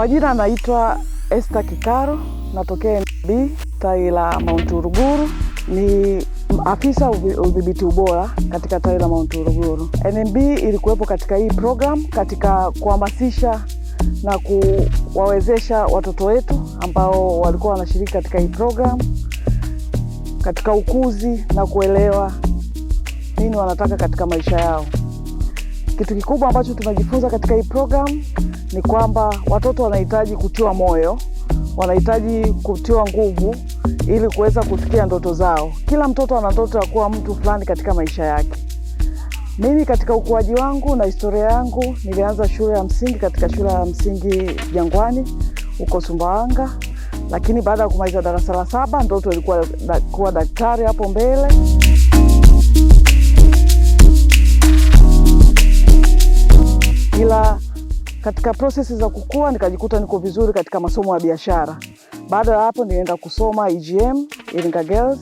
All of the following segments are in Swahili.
majina naitwa Esther Kikaro, natokea NB tawi la Mount Uruguru, ni afisa udhibiti ubora katika tawi la Mount Uruguru. NMB ilikuwepo katika hii program katika kuhamasisha na kuwawezesha watoto wetu ambao walikuwa wanashiriki katika hii program katika ukuzi na kuelewa nini wanataka katika maisha yao. Kitu kikubwa ambacho tunajifunza katika hii program ni kwamba watoto wanahitaji kutiwa moyo, wanahitaji kutiwa nguvu ili kuweza kufikia ndoto zao. Kila mtoto ana ndoto ya kuwa mtu fulani katika maisha yake. Mimi katika ukuaji wangu na historia yangu, nilianza shule ya msingi katika shule ya msingi Jangwani huko Sumbawanga, lakini baada ya kumaliza darasa la saba ndoto ilikuwa da, kuwa daktari hapo mbele. Ila katika prosesi za kukua nikajikuta niko vizuri katika masomo ya biashara. Baada ya hapo nilienda kusoma EGM Iringa Girls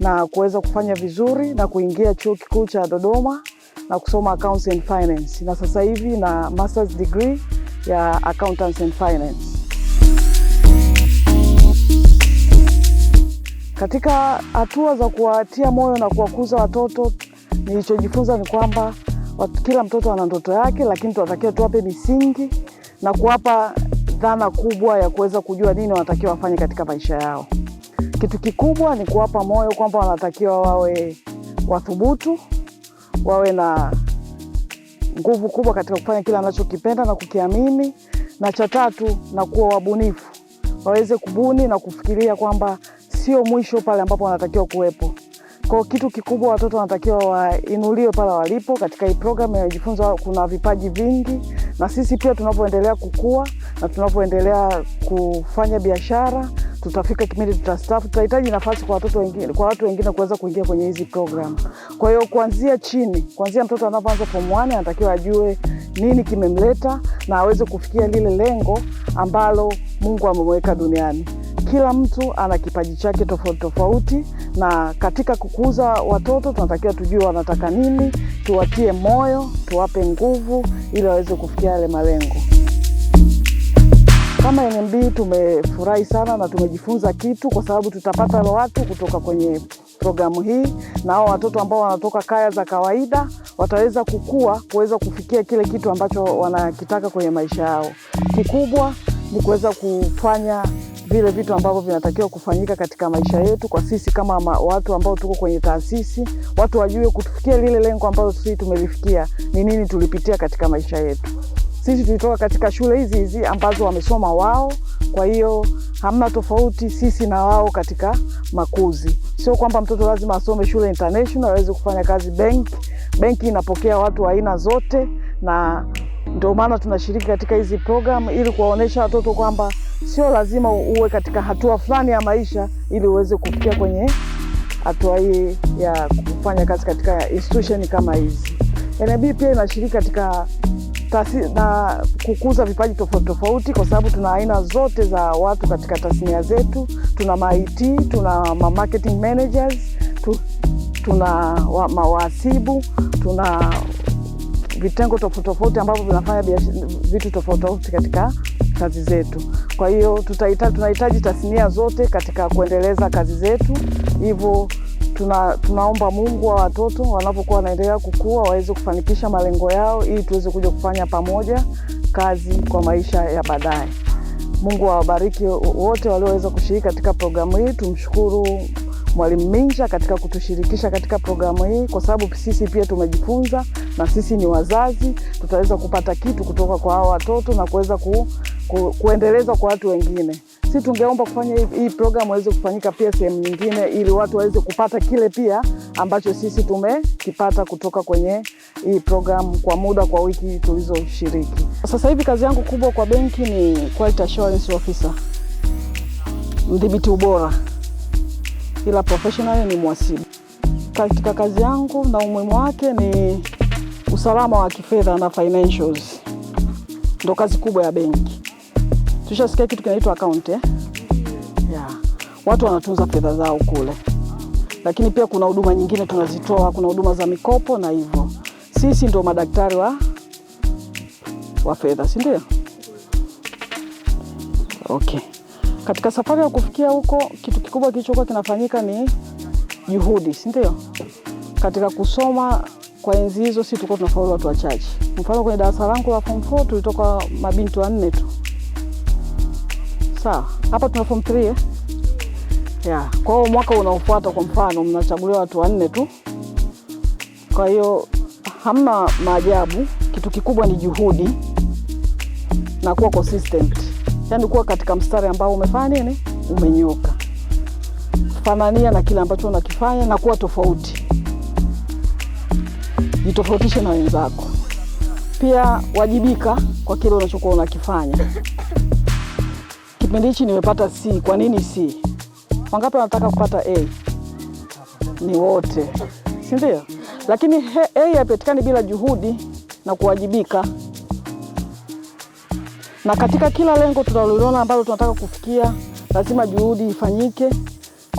na kuweza kufanya vizuri na kuingia chuo kikuu cha Dodoma na kusoma accounts and finance, na sasa hivi na masters degree ya accountants and finance. Katika hatua za kuwatia moyo na kuwakuza watoto, nilichojifunza ni kwamba kila mtoto ana ndoto yake, lakini tunatakiwa tuwape misingi na kuwapa dhana kubwa ya kuweza kujua nini wanatakiwa wafanye katika maisha yao. Kitu kikubwa ni kuwapa moyo kwamba wanatakiwa wawe wathubutu, wawe na nguvu kubwa katika kufanya kile anachokipenda na kukiamini, na cha tatu na kuwa wabunifu, waweze kubuni na kufikiria kwamba sio mwisho pale ambapo wanatakiwa kuwepo. Kwa kitu kikubwa watoto wanatakiwa wainuliwe pale walipo katika hii programu inayojifunza. Kuna vipaji vingi, na sisi pia tunapoendelea kukua na tunapoendelea kufanya biashara, tutafika kipindi tutastaafu, tutahitaji nafasi kwa watoto wengine, kwa watu wengine kuweza kuingia kwenye hizi programu. Kwa hiyo kuanzia chini, kuanzia mtoto anapoanza form 1 anatakiwa ajue nini kimemleta na aweze kufikia lile lengo ambalo Mungu amemweka duniani. Kila mtu ana kipaji chake tofauti tofauti na katika kukuza watoto tunatakiwa tujue wanataka nini, tuwatie moyo, tuwape nguvu ili waweze kufikia yale malengo. Kama NMB tumefurahi sana na tumejifunza kitu, kwa sababu tutapata watu kutoka kwenye programu hii, na hao watoto ambao wanatoka kaya za kawaida wataweza kukua kuweza kufikia kile kitu ambacho wanakitaka kwenye maisha yao. Kikubwa ni kuweza kufanya vile vitu ambavyo vinatakiwa kufanyika katika maisha yetu, kwa sisi kama ma, watu ambao tuko kwenye taasisi, watu wajue kutufikia lile lengo ambalo sisi tumelifikia, ni nini tulipitia katika maisha yetu. Sisi tulitoka katika shule hizi hizi ambazo wamesoma wao, kwa hiyo hamna tofauti sisi na wao katika makuzi. Sio kwamba mtoto lazima asome shule international aweze kufanya kazi benki. Benki inapokea watu wa aina zote, na ndio maana tunashiriki katika hizi programu ili kuwaonyesha watoto kwamba Sio lazima uwe katika hatua fulani ya maisha ili uweze kufikia kwenye hatua hii ya kufanya kazi katika institution kama hizi. NIB pia inashiriki katika na kukuza vipaji tofauti tofauti, kwa sababu tuna aina zote za watu katika tasnia zetu. Tuna MIT, tuna ma marketing managers tu, tuna wa, mawasibu, tuna vitengo tofauti tofauti ambavyo vinafanya vitu tofauti tofauti katika kazi zetu. Kwa hiyo tunahitaji tasnia zote katika kuendeleza kazi zetu, hivyo tuna, tunaomba Mungu wa watoto wanapokuwa wanaendelea kukua waweze kufanikisha malengo yao ili tuweze kuja kufanya pamoja kazi kwa maisha ya baadaye. Mungu awabariki wote walioweza kushiriki katika programu hii. Tumshukuru Mwalimu Minja katika kutushirikisha katika programu hii, kwa sababu sisi pia tumejifunza, na sisi ni wazazi, tutaweza kupata kitu kutoka kwa hao watoto na kuweza ku ku, kuendelezwa kwa watu wengine. Si tungeomba kufanya hii, hii programu waweze kufanyika pia sehemu nyingine, ili watu waweze kupata kile pia ambacho sisi tumekipata kutoka kwenye hii programu kwa muda, kwa wiki tulizoshiriki. Sasa hivi kazi yangu kubwa kwa benki ni quality assurance officer, mdhibiti ubora, ila professional ni mwasibu. Katika kazi yangu na umuhimu wake ni usalama wa kifedha na financials, ndo kazi kubwa ya benki tushasikia kitu kinaitwa akaunti eh? yeah. Watu wanatunza fedha zao kule, lakini pia kuna huduma nyingine tunazitoa, kuna huduma za mikopo na hivyo. Sisi ndio madaktari wa, wa fedha, si ndio? Okay. Katika safari ya kufikia huko, kitu kikubwa kilichokuwa kinafanyika ni juhudi, si ndio? Katika kusoma kwa enzi hizo, si tulikuwa tunafaulu watu wachache. Mfano, kwenye darasa langu la form 4 tulitoka mabinti wanne tu sawa. Hapa tuna form 3 eh? yeah. Kwa hiyo mwaka unaofuata kwa mfano mnachaguliwa watu wanne tu, kwa hiyo hamna maajabu. Kitu kikubwa ni juhudi na kuwa consistent, yaani kuwa katika mstari ambao umefanya nini, umenyoka. Fanania na kile ambacho unakifanya na kuwa tofauti, jitofautishe na wenzako. Pia wajibika kwa kile unachokuwa unakifanya. Kipindi hichi nimepata C. Kwa nini C? Wangapi wanataka kupata A? Ni wote, si ndio? Lakini A haipatikani bila juhudi na kuwajibika. Na katika kila lengo tunaloliona ambalo tunataka kufikia, lazima juhudi ifanyike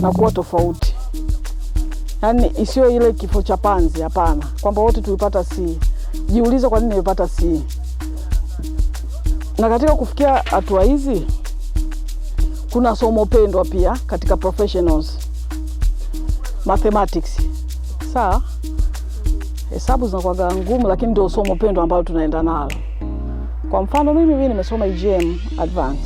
na kuwa tofauti, yaani isiyo ile kifo cha panzi. Hapana, kwamba wote tulipata C. Jiulize, kwa nini nimepata C? Na katika kufikia hatua hizi tuna somo pendwa pia katika professionals mathematics, sawa. Hesabu zinakuwa ngumu, lakini ndio somo pendwa ambalo tunaenda nalo. Kwa mfano mimi mimi nimesoma EGM advance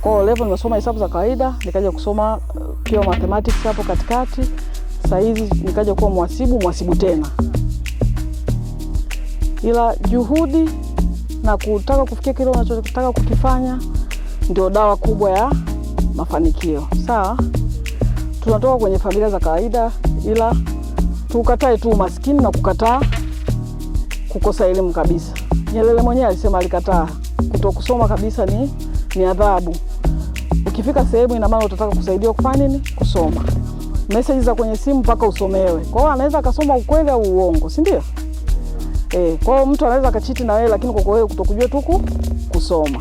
kwa level, nimesoma hesabu za kawaida, nikaja kusoma uh, pia mathematics hapo katikati. Sasa hizi nikaja kuwa mwasibu, mwasibu tena, ila juhudi na kutaka kufikia kile unachotaka kukifanya ndio dawa kubwa ya mafanikio. Sawa, tunatoka kwenye familia za kawaida, ila tukatae tu umaskini na kukataa kukosa elimu kabisa. Nyerere mwenyewe alisema, alikataa kutokusoma kabisa ni, ni adhabu. Ukifika sehemu, ina maana utataka kusaidiwa kufanya nini? Kusoma. Meseji za kwenye simu mpaka usomewe. Kwa hiyo anaweza akasoma ukweli au uongo, si ndio? Eh, kwa hiyo mtu anaweza akachiti na wewe, lakini kwa kweli kutokujua tu kusoma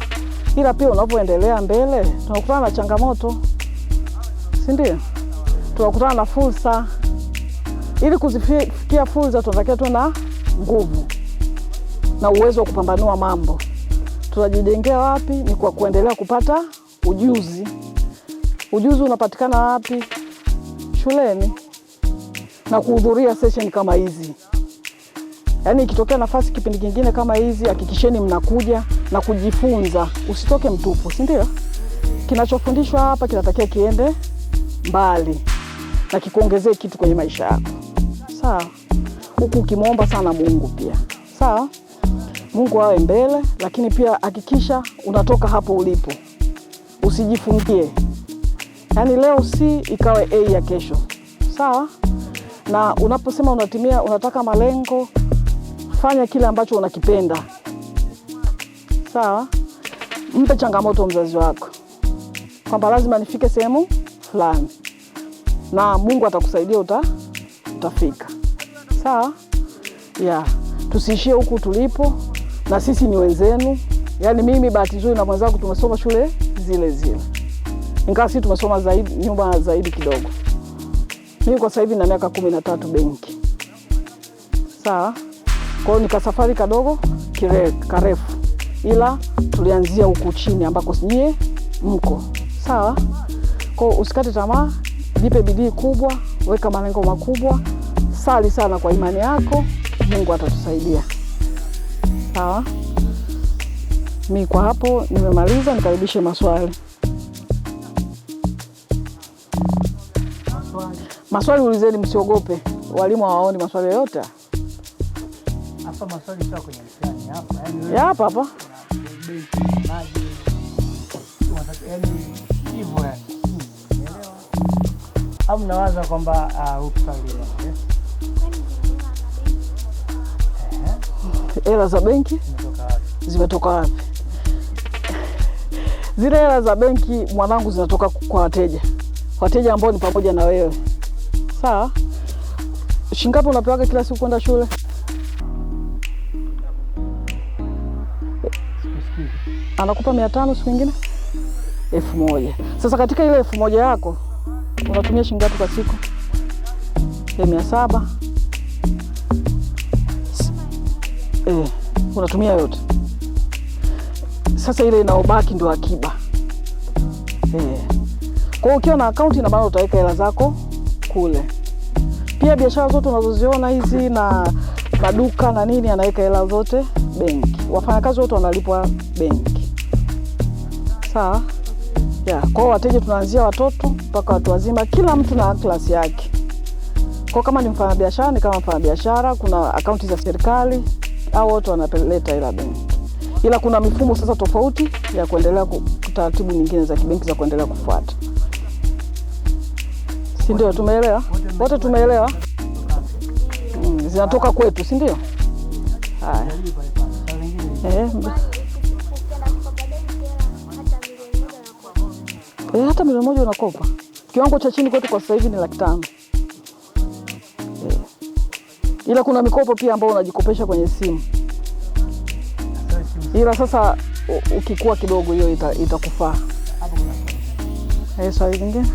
ila pia unavyoendelea mbele tunakutana na changamoto, si ndio? Tunakutana na fursa. Ili kuzifikia fursa, tunatakiwa tuwe na nguvu na uwezo wa kupambanua mambo. Tunajijengea wapi? Ni kwa kuendelea kupata ujuzi. Ujuzi unapatikana wapi? Shuleni na kuhudhuria sesheni kama hizi. Yaani ikitokea nafasi kipindi kingine kama hizi, hakikisheni mnakuja na kujifunza, usitoke mtupu, si ndio? Kinachofundishwa hapa kinatakiwa kiende mbali na kikuongezee kitu kwenye maisha yako, sawa, huku ukimwomba sana Mungu pia, sawa. Mungu awe mbele, lakini pia hakikisha unatoka hapo ulipo, usijifungie. Yaani leo si ikawe A ya kesho, sawa. Na unaposema unatimia, unataka malengo fanya kile ambacho unakipenda sawa. Mpe changamoto mzazi wako kwamba lazima nifike sehemu fulani, na Mungu atakusaidia uta, utafika sawa. Yeah, tusiishie huku tulipo, na sisi ni wenzenu. Yaani mimi bahati nzuri na mwenzangu tumesoma shule zile zile, ingawa sisi tumesoma zaidi nyumba zaidi kidogo. Mimi kwa sasa hivi na miaka kumi na tatu benki sawa. Kwa hiyo nikasafari kadogo kire, karefu, ila tulianzia huku chini ambako nyie mko sawa. Kwa hiyo usikate tamaa, jipe bidii kubwa, weka malengo makubwa, sali sana kwa imani yako, Mungu atatusaidia sawa. Mi kwa hapo nimemaliza, nikaribishe maswali. Maswali ulizeni, msiogope. Walimu hawaoni maswali yoyote hapa hapa au nawaza kwamba uh, eh? hela za benki zimetoka wapi? Zile hela za benki mwanangu, zinatoka kwa wateja, wateja ambao ni pamoja na wewe. Sawa, shingapi unapewaga kila siku kwenda shule? anakupa mia tano siku nyingine elfu moja. Sasa katika ile elfu moja yako unatumia shilingi ngapi kwa siku? E, mia saba e, unatumia yote. Sasa ile inaobaki ndio akiba e. Kwa ukiwa na akaunti ina maana utaweka hela zako kule. Pia biashara zote unazoziona hizi na maduka na nini, anaweka hela zote benki. Wafanyakazi wote wanalipwa benki sawa ya Kwao wateja tunaanzia watoto mpaka watu wazima, kila mtu na klasi yake. Kwa kama ni mfanyabiashara ni kama mfanyabiashara, kuna akaunti za serikali au wote wanapeleta ila benki, ila kuna mifumo sasa tofauti ya kuendelea, taratibu nyingine za kibenki za kuendelea kufuata, si ndio? Tumeelewa wote, tumeelewa mm, zinatoka kwetu, si ndio? Haya eh. hata milioni moja unakopa. Kiwango cha chini kwetu kwa sasa hivi ni laki tano eh. Ila kuna mikopo pia ambayo unajikopesha kwenye simu, ila sasa ukikua kidogo hiyo itakufaa ita eh, swali lingine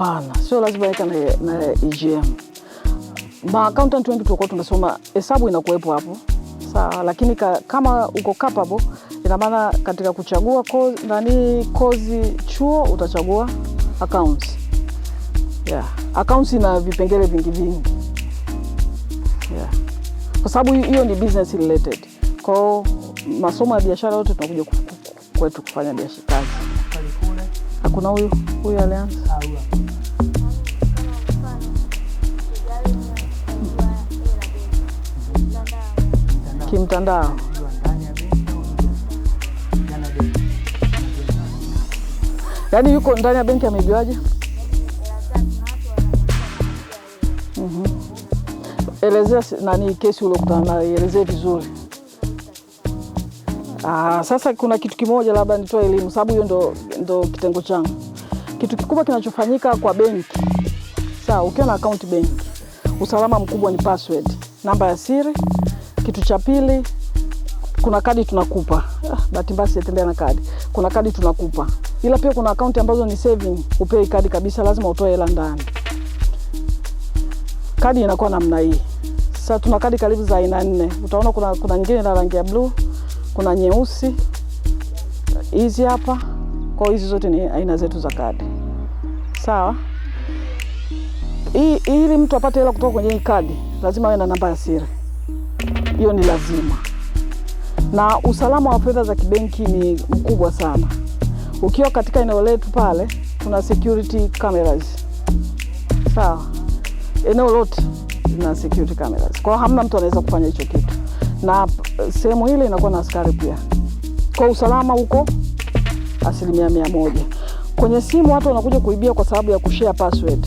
Hapana, sio lazima leta na, na EGM. E Ma accountant wengi tulikuwa tunasoma hesabu inakuwepo hapo sawa, lakini ka, kama uko capable, ina maana katika kuchagua kozi, nani kozi chuo utachagua accounts. Yeah. Accounts ina vipengele vingi vingi yeah, kwa sababu hiyo ni business related kwao, masomo ya biashara yote tunakuja kwetu kufanya biashara kazi. Hakuna huyu huyu alianza kimtandao. Yaani yuko ndani ya benki amejuaje? mm Elezea nani kesi uliokutana nayo, elezee vizuri. Aa, ah, sasa kuna kitu kimoja labda nitoe elimu, sababu hiyo ndo, ndo kitengo changu. Kitu kikubwa kinachofanyika kwa benki sawa, ukiwa na akaunti benki, usalama mkubwa ni password, namba ya siri kitu cha pili, kuna kadi tunakupa. Ah, bahati mbaya sijatembea na kadi. Kuna kadi tunakupa, ila pia kuna akaunti ambazo ni saving, upei kadi kabisa, lazima utoe hela ndani. Kadi inakuwa namna hii. Sasa tuna kadi karibu za aina nne. Utaona kuna, kuna nyingine na rangi ya bluu, kuna nyeusi, hizi hapa. Kwa hizi zote ni aina zetu za kadi, sawa. Ili mtu apate hela kutoka kwenye hii kadi lazima awe na namba ya siri hiyo ni lazima, na usalama wa fedha za kibenki ni mkubwa sana. Ukiwa katika eneo letu pale, tuna security cameras, sawa? Eneo lote lina security cameras, kwa hamna mtu anaweza kufanya hicho kitu, na eh, sehemu ile inakuwa na askari pia, kwa usalama huko asilimia mia moja. Kwenye simu watu wanakuja kuibia kwa sababu ya kushare password,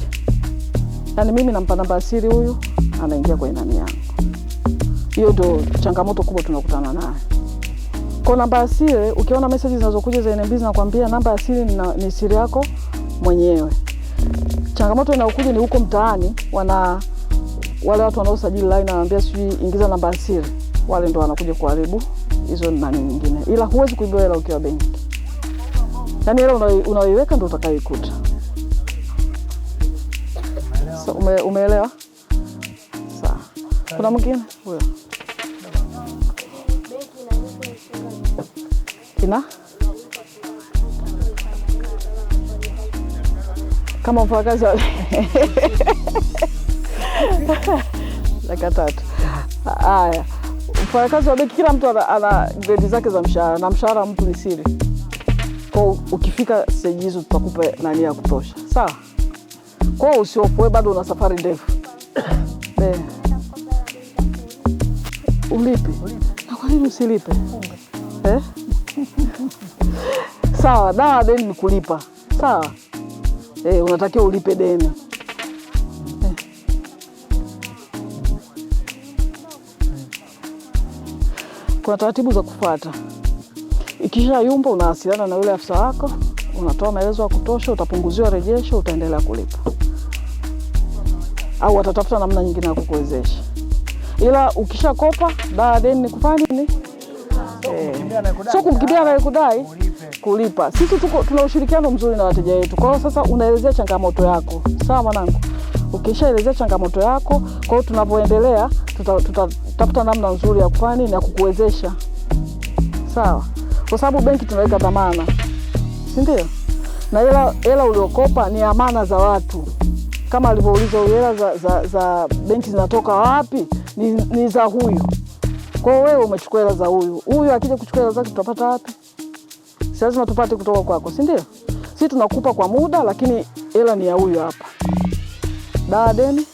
yaani mimi nampa namba asiri huyu anaingia kwenye nani yangu. Hiyo ndio changamoto kubwa tunakutana nayo. Kwa namba ya siri, ukiona meseji zinazokuja za NMB zinakwambia namba ya siri ni ni siri yako mwenyewe. Changamoto inayokuja ni huko mtaani, wana wale watu wanaosajili line wanaambia sijui ingiza namba ya siri, wale ndo wanakuja kuharibu hizo nani nyingine, ila huwezi kuibiwa hela ukiwa benki. Yani hela unaoiweka ndo utakayoikuta. So, ume, umeelewa? Sawa. Kuna mwingine huyo? Fatima. Kama mfanyakazi wa dakika tatu. Haya, mfanyakazi wa benki, kila mtu ana gredi zake za mshahara, na mshahara mtu ni siri. Kwa ukifika steji hizo, tutakupa nani ya kutosha, sawa? Kwa usiopoe, bado una safari ndefu. Eh. ulipi na kwa nini usilipe eh? Sawa, dawa deni ni kulipa. Sawa eh, unatakiwa ulipe deni Kuna taratibu za kufuata. Ikisha yumba, unawasiliana na yule afisa wako, unatoa maelezo ya kutosha, utapunguziwa rejesho, utaendelea kulipa au watatafuta namna nyingine ya kukuwezesha, ila ukishakopa dawa deni ni kufanya nini? sio kumkimbia anayekudai kulipa. Sisi tuko tuna ushirikiano mzuri na wateja wetu. Kwa hiyo sasa unaelezea changamoto yako, sawa mwanangu. Ukishaelezea changamoto yako, kwa hiyo tunapoendelea tutatafuta tuta, namna nzuri ya kufanya na kukuwezesha, sawa, kwa sababu benki tunaweka dhamana, si ndio? Na hela hela uliokopa ni amana za watu, kama alivyouliza hela za, za, za benki zinatoka wapi? Ni, ni za huyu kwa hiyo wewe umechukua hela za huyu, huyu akija kuchukua hela zake tutapata wapi? Si lazima tupate kutoka kwako, si ndio? Si tunakupa kwa muda, lakini hela ni ya huyu hapa. Daa deni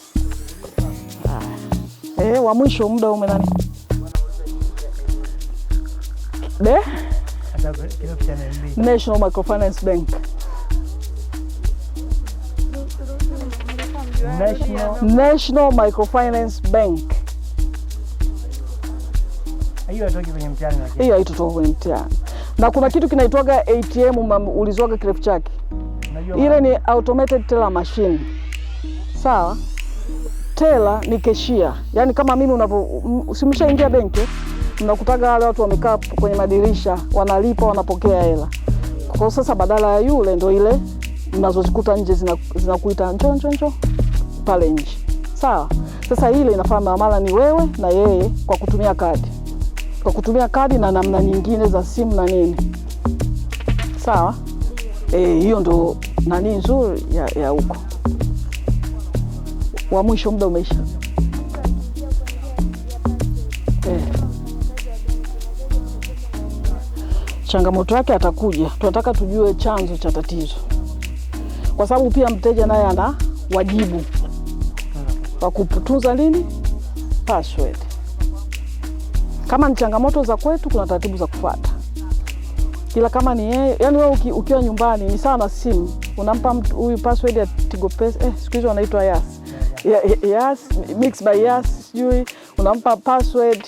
ah. eh, wa mwisho muda ume nani de National Microfinance Bank National, National Microfinance Bank hiyo haitotoka kwenye mtihani. Na kuna kitu kinaitwaga ATM ulizoga kirefu chake, ile ni automated teller machine, sawa. Teller ni keshia, yaani kama mimi unapo simshaingia benki mnakutaga wale watu wamekaa kwenye madirisha wanalipa wanapokea hela. Kwa sasa badala ya yule ndo ile unazozikuta nje zinakuita zina njoo njoo njoo pale nje, sawa. Sasa ile inafanya maamala ni wewe na yeye kwa kutumia kadi kwa kutumia kadi na namna nyingine za simu na nini, sawa. E, hiyo ndo nani nzuri ya huko. Wa mwisho muda umeisha. E, changamoto yake atakuja, tunataka tujue chanzo cha tatizo, kwa sababu pia mteja naye ana wajibu wa kutunza nini password. Kama ni changamoto za kwetu, kuna taratibu za kufuata. Ila kama ni yeye, yani wewe uki, ukiwa nyumbani ni sawa na simu, unampa mtu huyu password ya Tigo Pesa, eh, siku hizo wanaitwa Yas. Yas, mix by Yas, sijui unampa password,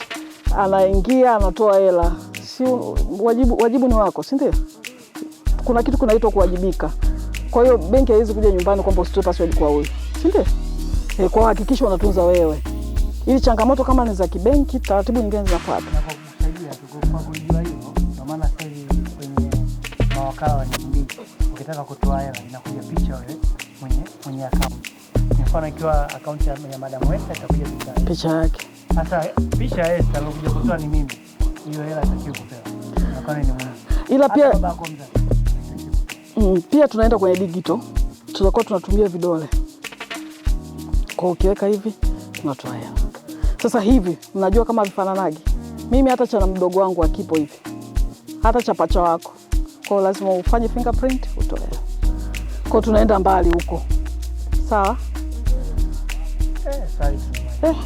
anaingia anatoa hela. Si wajibu, wajibu ni wako, si ndio? Kuna kitu kunaitwa kuwajibika. Kwa hiyo benki haiwezi kuja nyumbani kwamba usitoe password kwa huyu, si ndio? Eh, kwa hakikisha unatunza wewe ili changamoto kama ni za kibenki, taratibu nyingine zinafuata. Ukitaka kutoa hela inakuja picha wewe mwenye mwenye akaunti. Mfano ikiwa akaunti ya Madam itakuja picha picha yake. Sasa picha kutoa ni mimi, hiyo hela kupewa na mimi, ila pia mm, pia tunaenda kwenye digital, tutakuwa tunatumia vidole kwa ukiweka hivi tunatoa hela. Sasa hivi mnajua kama vifananagi mimi hata cha mdogo wangu akipo hivi, hata cha pacha wako kwao, lazima ufanye fingerprint utoe kwao. Tunaenda mbali huko, sawa eh? eh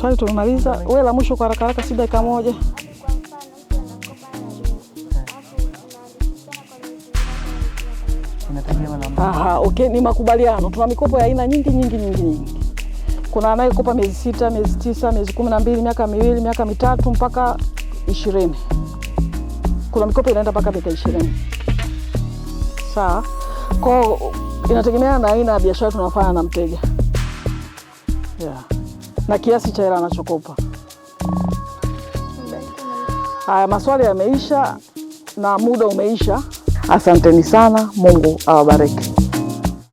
swali tumemaliza, we la mwisho kwa haraka haraka, si dakika moja. Aha, okay, ni makubaliano. Tuna mikopo ya aina nyingi nyingi nyingi nyingi kuna wanae miezi sita, miezi tisa, miezi kumi na mbili, miaka miwili, miaka mitatu mpaka ishirini. Kuna mikopo inaenda mpaka miaka ishirini. Sawa, kwa inategemea na aina ya biashara tunafanya na mteja yeah, na kiasi cha hela anachokopa. Haya, maswali yameisha na muda umeisha. Asanteni sana, Mungu awabariki.